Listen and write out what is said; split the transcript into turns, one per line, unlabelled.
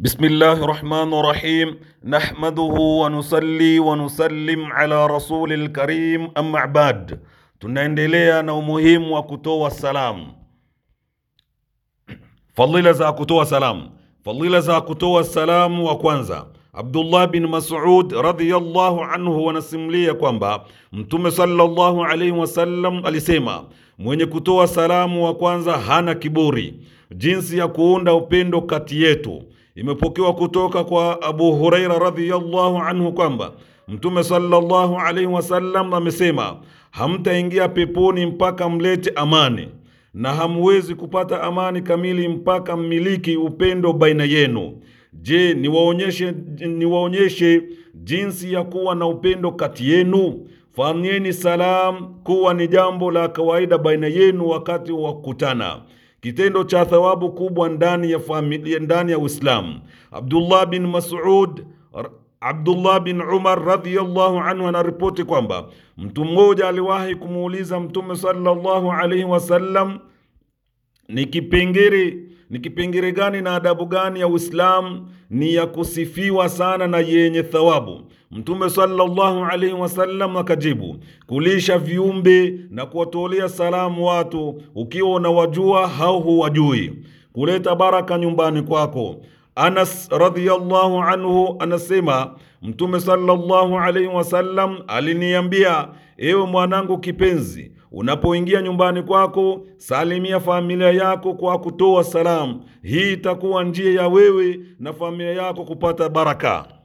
بسم الله الرحمن الرحيم نحمده ونصلي ونسلم على رسول الكريم أما بعد tunaendelea na umuhimu wa kutoa salam fadhila za kutoa salam fadhila za kutoa salamu wa kwanza Abdullah bin Mas'ud radhiyallahu anhu wanasimulia kwamba Mtume sallallahu alaihi wasallam alisema, mwenye kutoa salamu wa kwanza hana kiburi, jinsi ya kuunda upendo kati yetu Imepokewa kutoka kwa Abu Huraira radhiyallahu anhu kwamba Mtume sallallahu alaihi wasallam amesema, hamtaingia peponi mpaka mlete amani, na hamwezi kupata amani kamili mpaka mmiliki upendo baina yenu. Je, niwaonyeshe niwaonyeshe jinsi ya kuwa na upendo kati yenu? Fanyeni salam kuwa ni jambo la kawaida baina yenu wakati wa kukutana kitendo cha thawabu kubwa ndani ya familia, ndani ya Uislamu. Abdullah bin Mas'ud Abdullah bin Umar radhiyallahu anhu anaripoti kwamba mtu mmoja aliwahi kumuuliza Mtume sallallahu alaihi wasallam ni kipengere ni kipengele gani na adabu gani ya Uislamu ni ya kusifiwa sana na yenye thawabu? Mtume sallallahu alaihi wasallam akajibu, kulisha viumbe na kuwatolea salamu watu ukiwa unawajua au huwajui, kuleta baraka nyumbani kwako. Anas radhiyallahu anhu anasema Mtume sallallahu alaihi wasallam aliniambia, ewe mwanangu kipenzi Unapoingia nyumbani kwako, salimia familia yako kwa kutoa salamu. Hii itakuwa njia ya wewe na familia yako kupata baraka.